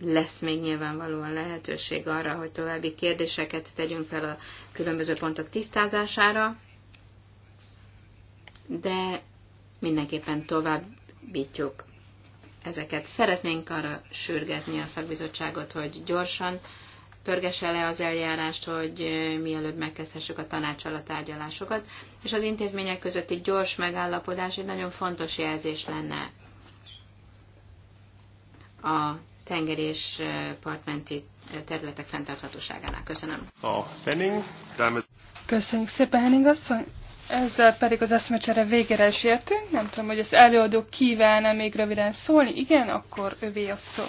lesz még nyilvánvalóan lehetőség arra, hogy további kérdéseket tegyünk fel a különböző pontok tisztázására, de mindenképpen továbbítjuk ezeket. Szeretnénk arra sürgetni a szakbizottságot, hogy gyorsan pörgesse le az eljárást, hogy mielőbb megkezdhessük a tanácsal a tárgyalásokat, és az intézmények közötti gyors megállapodás egy nagyon fontos jelzés lenne a tenger és partmenti területek fenntarthatóságánál. Köszönöm. A Henning, Köszönjük szépen, Henning asszony. Ezzel pedig az eszmecsere végére is értünk. Nem tudom, hogy az előadó kívánna még röviden szólni. Igen, akkor övé a szó.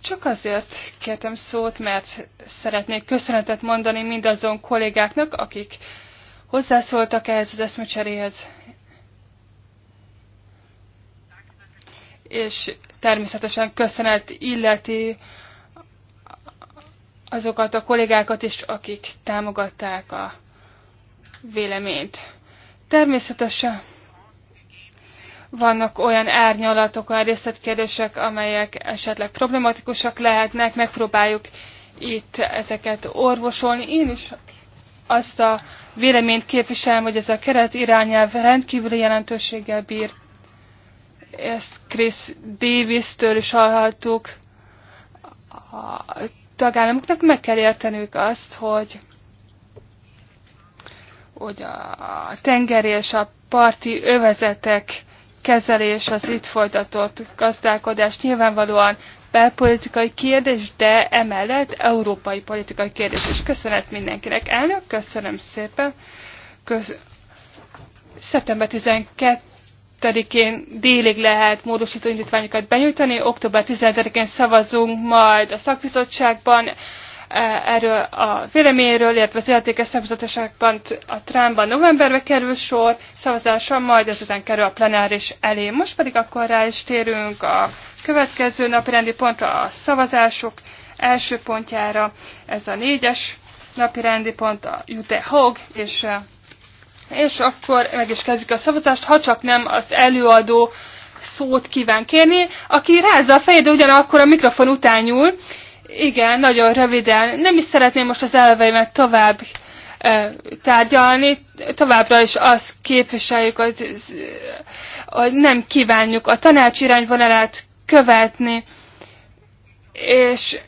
Csak azért kértem szót, mert szeretnék köszönetet mondani mindazon kollégáknak, akik hozzászóltak ehhez az eszmecseréhez, és természetesen köszönet illeti azokat a kollégákat is, akik támogatták a véleményt. Természetesen vannak olyan árnyalatok, olyan részletkérdések, amelyek esetleg problematikusak lehetnek, megpróbáljuk itt ezeket orvosolni. Én is azt a véleményt képviselem, hogy ez a keret irányelv rendkívüli jelentőséggel bír ezt Chris Davis-től is hallhattuk, a tagállamoknak meg kell értenük azt, hogy, hogy a tengeri és a parti övezetek kezelés az itt folytatott gazdálkodás nyilvánvalóan belpolitikai kérdés, de emellett európai politikai kérdés. És köszönet mindenkinek. Elnök, köszönöm szépen. Köz... Szeptember 12 12-én délig lehet módosító indítványokat benyújtani, október 15-én szavazunk majd a szakbizottságban, e, erről a véleményről, illetve az illetékes szakbizottságban a Trámban novemberbe kerül sor, szavazása majd ezután kerül a plenáris elé. Most pedig akkor rá is térünk a következő napirendi pontra, a szavazások első pontjára. Ez a négyes napirendi pont a Jute Hog és e, és akkor meg is kezdjük a szavazást, ha csak nem az előadó szót kíván kérni, aki rázza a fejét, de ugyanakkor a mikrofon után nyúl. Igen, nagyon röviden. Nem is szeretném most az elveimet tovább e, tárgyalni. Továbbra is azt képviseljük, hogy, hogy nem kívánjuk a tanács irányvonalát követni. És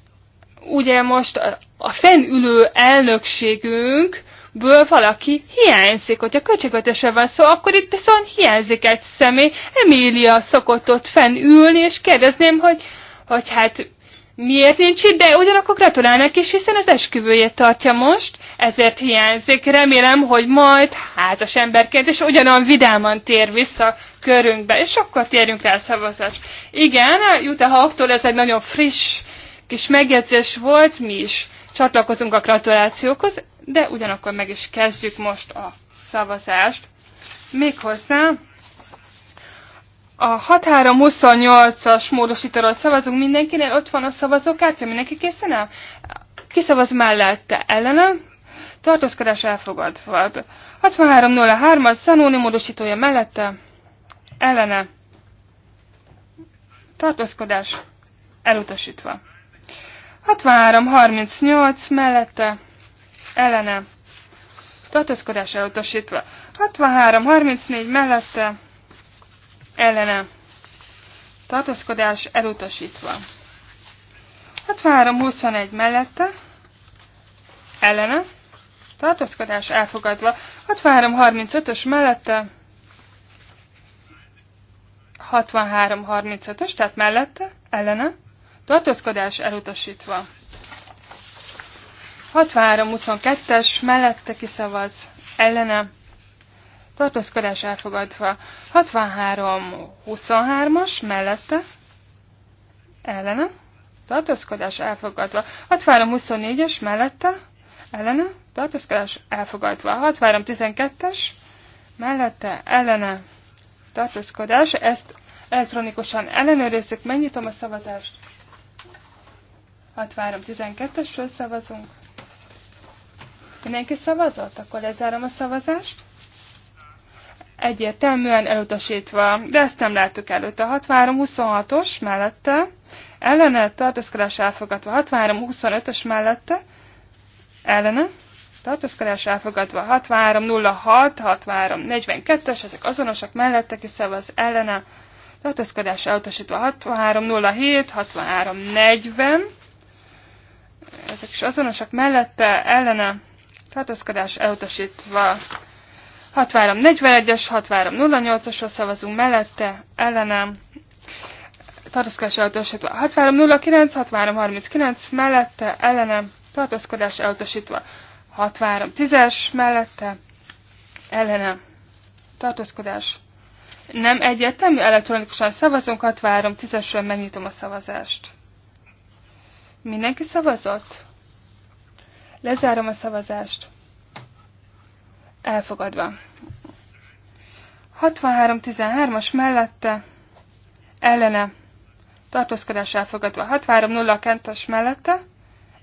ugye most a fennülő elnökségünk ből valaki hiányzik. Hogyha költségvetésre van szó, akkor itt viszont hiányzik egy személy. Emília szokott ott fennülni, és kérdezném, hogy, hogy hát miért nincs itt, de ugyanakkor gratulálnak is, hiszen az esküvőjét tartja most, ezért hiányzik. Remélem, hogy majd házas emberként, és ugyanolyan vidáman tér vissza körünkbe, és akkor térjünk rá a szavazás. Igen, Jutta Hauktól ez egy nagyon friss kis megjegyzés volt, mi is csatlakozunk a gratulációkhoz, de ugyanakkor meg is kezdjük most a szavazást. Méghozzá a 6328-as módosítóról szavazunk mindenkinél, ott van a szavazókártya, mindenki készen áll? Kiszavaz mellette ellene, tartózkodás elfogadva. 6303-as szanóni módosítója mellette ellene, tartózkodás elutasítva. 63, 38 mellette Elene. tartózkodás elutasítva. 63, 34 mellette Elene. tartózkodás elutasítva. 63, 21 mellette Elene. tartózkodás elfogadva. 63, 35-ös mellette 63, 35-ös, tehát mellette, ellene, tartózkodás elutasítva. 63-22-es mellette kiszavaz, ellene, tartózkodás elfogadva. 63-23-as mellette, ellene, tartózkodás elfogadva. 63-24-es mellette, ellene, tartózkodás elfogadva. 63-12-es mellette, ellene, tartózkodás. Ezt elektronikusan ellenőrizzük, megnyitom a szavazást. 6312 esről szavazunk. Mindenki szavazott? Akkor lezárom a szavazást. Egyértelműen elutasítva, de ezt nem láttuk előtt. A 63 os mellette, ellene tartózkodás elfogadva, 6325 ös mellette, ellene tartózkodás elfogadva, 6306, 6342-es, ezek azonosak mellette ki szavaz ellene, tartózkodás elutasítva, 6307, 6340, ezek is azonosak mellette, ellene, tartózkodás elutasítva. 6341-es, 6308-osra szavazunk mellette, ellene, tartózkodás elutasítva. 6309, 6339 mellette, ellene, tartózkodás elutasítva. 6310-es mellette, ellene, tartózkodás nem egyetemű, elektronikusan szavazunk, 63 10-esről megnyitom a szavazást. Mindenki szavazott? Lezárom a szavazást. Elfogadva. 63-13-as mellette ellene tartózkodás elfogadva. 63-02-as mellette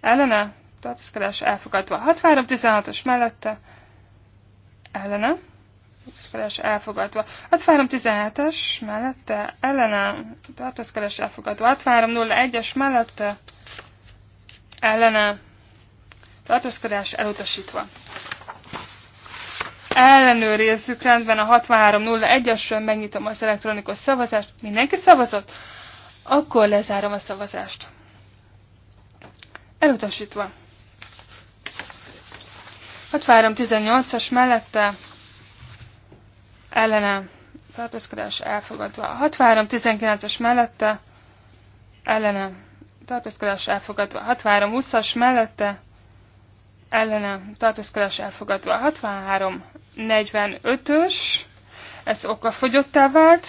ellene tartózkodás elfogadva. 63-16-os mellette ellene tartózkodás elfogadva. 63-17-es mellette ellene tartózkodás elfogadva. 63-01-es mellette ellene tartózkodás elutasítva. Ellenőrizzük rendben a 6301-esről, megnyitom az elektronikus szavazást. Mindenki szavazott? Akkor lezárom a szavazást. Elutasítva. 6318-as mellette ellene tartózkodás elfogadva. 6319-es mellette ellene tartózkodás elfogadva. 63-20-as mellette ellene tartózkodás elfogadva. 63-45-ös, ez okafogyottá vált.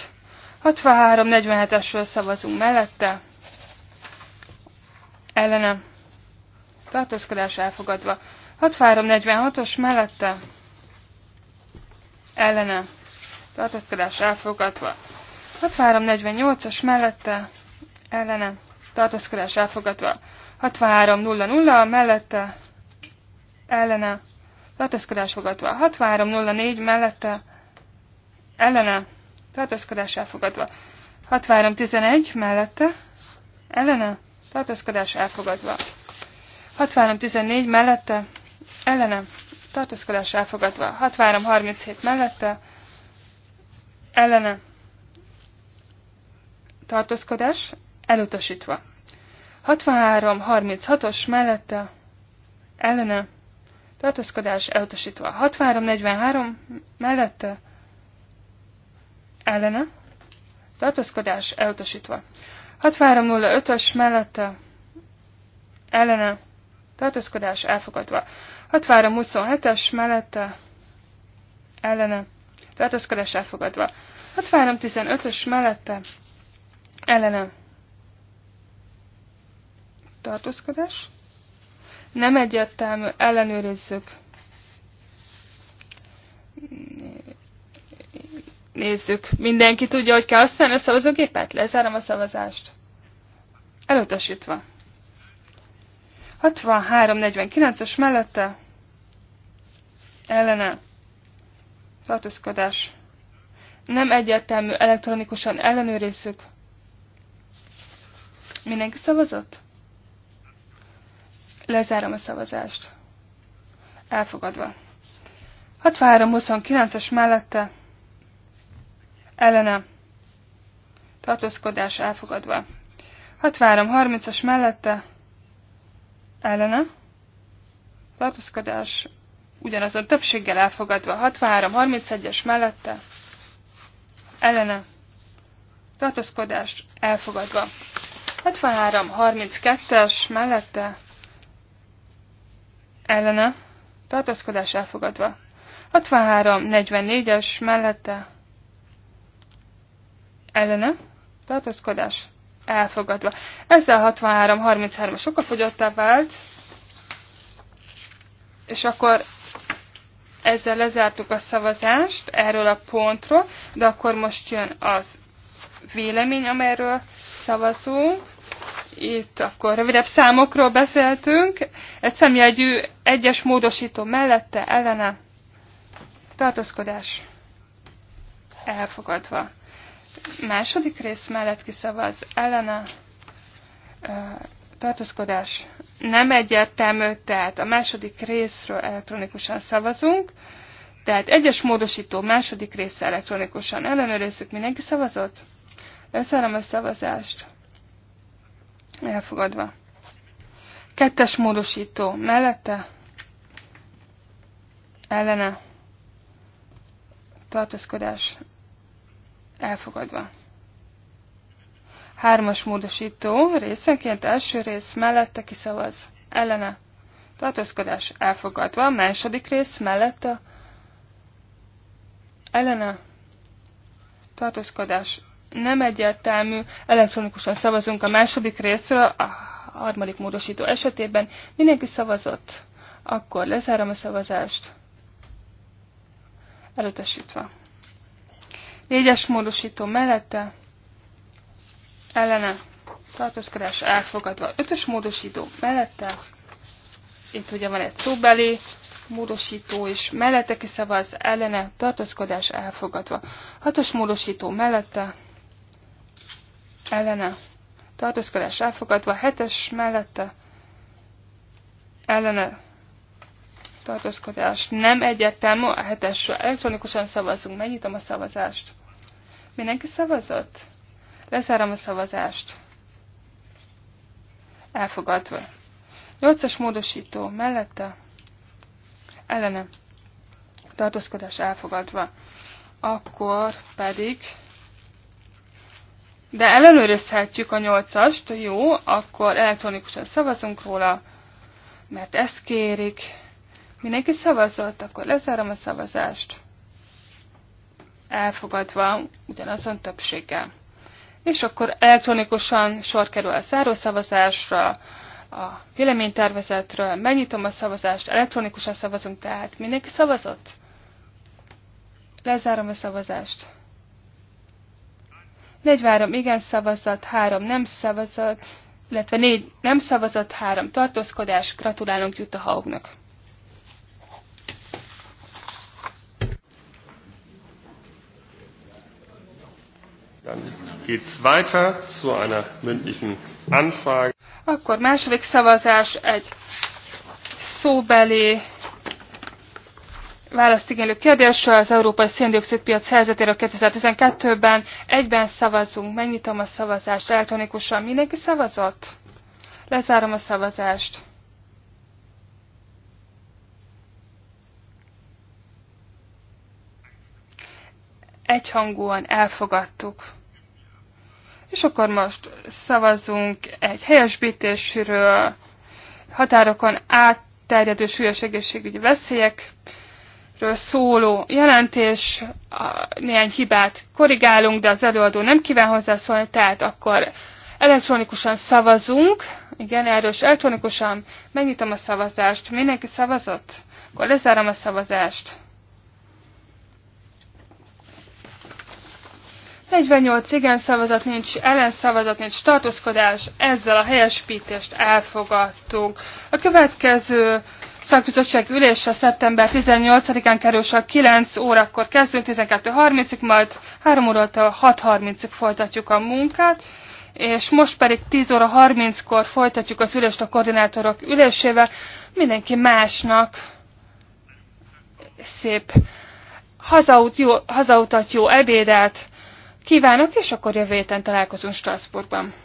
63-47-esről szavazunk mellette. ellene tartózkodás elfogadva. 63-46-os mellette ellene tartózkodás elfogadva. 63-48-as mellette ellene tartózkodás elfogadva. 63.00 mellette ellene tartózkodás fogadva. 63.04 mellette ellene tartózkodás elfogadva. 63.11 mellette ellene tartózkodás elfogadva. 63.14 mellette ellene tartózkodás elfogadva. 63.37 mellette ellene tartózkodás elutasítva. 63-36-os mellette ellene tartózkodás elutasítva. 63-43 mellette ellene tartózkodás elutasítva. 63-05-ös mellette ellene tartózkodás elfogadva. 63-27-es mellette ellene tartózkodás elfogadva. 63-15-ös mellette ellene tartózkodás. Nem egyértelmű, ellenőrizzük. Nézzük. Mindenki tudja, hogy kell használni a szavazógépet? Lezárom a szavazást. Elutasítva. 63-49-es mellette ellene tartózkodás. Nem egyértelmű, elektronikusan ellenőrizzük. Mindenki szavazott? Lezárom a szavazást. Elfogadva. 63-29-es mellette ellene tartózkodás elfogadva. 63-30-as mellette ellene tartózkodás ugyanazon többséggel elfogadva. 63-31-es mellette ellene tartózkodás elfogadva. 63-32-es mellette ellene tartaszkodás elfogadva. 63-44-es mellette ellene tartaszkodás elfogadva. Ezzel 63-33-as okafogyottá vált, és akkor ezzel lezártuk a szavazást erről a pontról, de akkor most jön az vélemény, amelyről szavazunk itt akkor rövidebb számokról beszéltünk. Egy szemjegyű egyes módosító mellette ellene tartózkodás elfogadva. Második rész mellett kiszavaz ellene tartózkodás nem egyértelmű, tehát a második részről elektronikusan szavazunk. Tehát egyes módosító második része elektronikusan ellenőrizzük. Mindenki szavazott? Leszárom a szavazást elfogadva. Kettes módosító mellette, ellene, tartózkodás elfogadva. Hármas módosító részenként első rész mellette kiszavaz, ellene, tartózkodás elfogadva, második rész mellette, ellene, tartózkodás nem egyértelmű, elektronikusan szavazunk a második részről, a harmadik módosító esetében. Mindenki szavazott, akkor lezárom a szavazást. Elutasítva. Négyes módosító mellette, ellene, tartózkodás elfogadva. Ötös módosító mellette, itt ugye van egy szóbeli, módosító és mellette kiszavaz ellene tartózkodás elfogadva. Hatos módosító mellette ellene tartózkodás elfogadva, hetes mellette ellene tartózkodás nem egyértelmű, a hetesről elektronikusan szavazunk, megnyitom a szavazást. Mindenki szavazott? Lezárom a szavazást. Elfogadva. Nyolcas módosító mellette ellene tartózkodás elfogadva. Akkor pedig de ellenőrizhetjük a nyolcast, jó, akkor elektronikusan szavazunk róla, mert ezt kérik. Mindenki szavazott, akkor lezárom a szavazást. Elfogadva ugyanazon többséggel. És akkor elektronikusan sor kerül a szárószavazásra, a véleménytervezetről, megnyitom a szavazást, elektronikusan szavazunk, tehát mindenki szavazott? Lezárom a szavazást. 43 igen szavazat, 3 nem szavazat, illetve 4 nem szavazat, 3 tartózkodás. Gratulálunk Jutta Haugnak. geht's weiter zu einer mündlichen Anfrage. Akkor második szavazás egy szóbeli választigénylő kérdésről az Európai Széndiokszid piac helyzetéről 2012-ben. Egyben szavazunk, megnyitom a szavazást elektronikusan. Mindenki szavazott? Lezárom a szavazást. Egyhangúan elfogadtuk. És akkor most szavazunk egy helyesbítésről, határokon átterjedő súlyos egészségügyi veszélyek szóló jelentés, néhány hibát korrigálunk, de az előadó nem kíván hozzászólni, tehát akkor elektronikusan szavazunk, igen, erről is elektronikusan megnyitom a szavazást. Mindenki szavazott? Akkor lezárom a szavazást. 48 igen szavazat nincs, ellen szavazat nincs, tartózkodás, ezzel a helyesítést elfogadtunk. A következő szakbizottság ülése szeptember 18-án kerül sor 9 órakor kezdünk, 12.30-ig, majd 3 órától 6.30-ig folytatjuk a munkát, és most pedig 10 óra 30-kor folytatjuk az ülést a koordinátorok ülésével. Mindenki másnak szép hazaut, jó, hazautat, jó ebédet kívánok, és akkor jövő héten találkozunk Strasbourgban.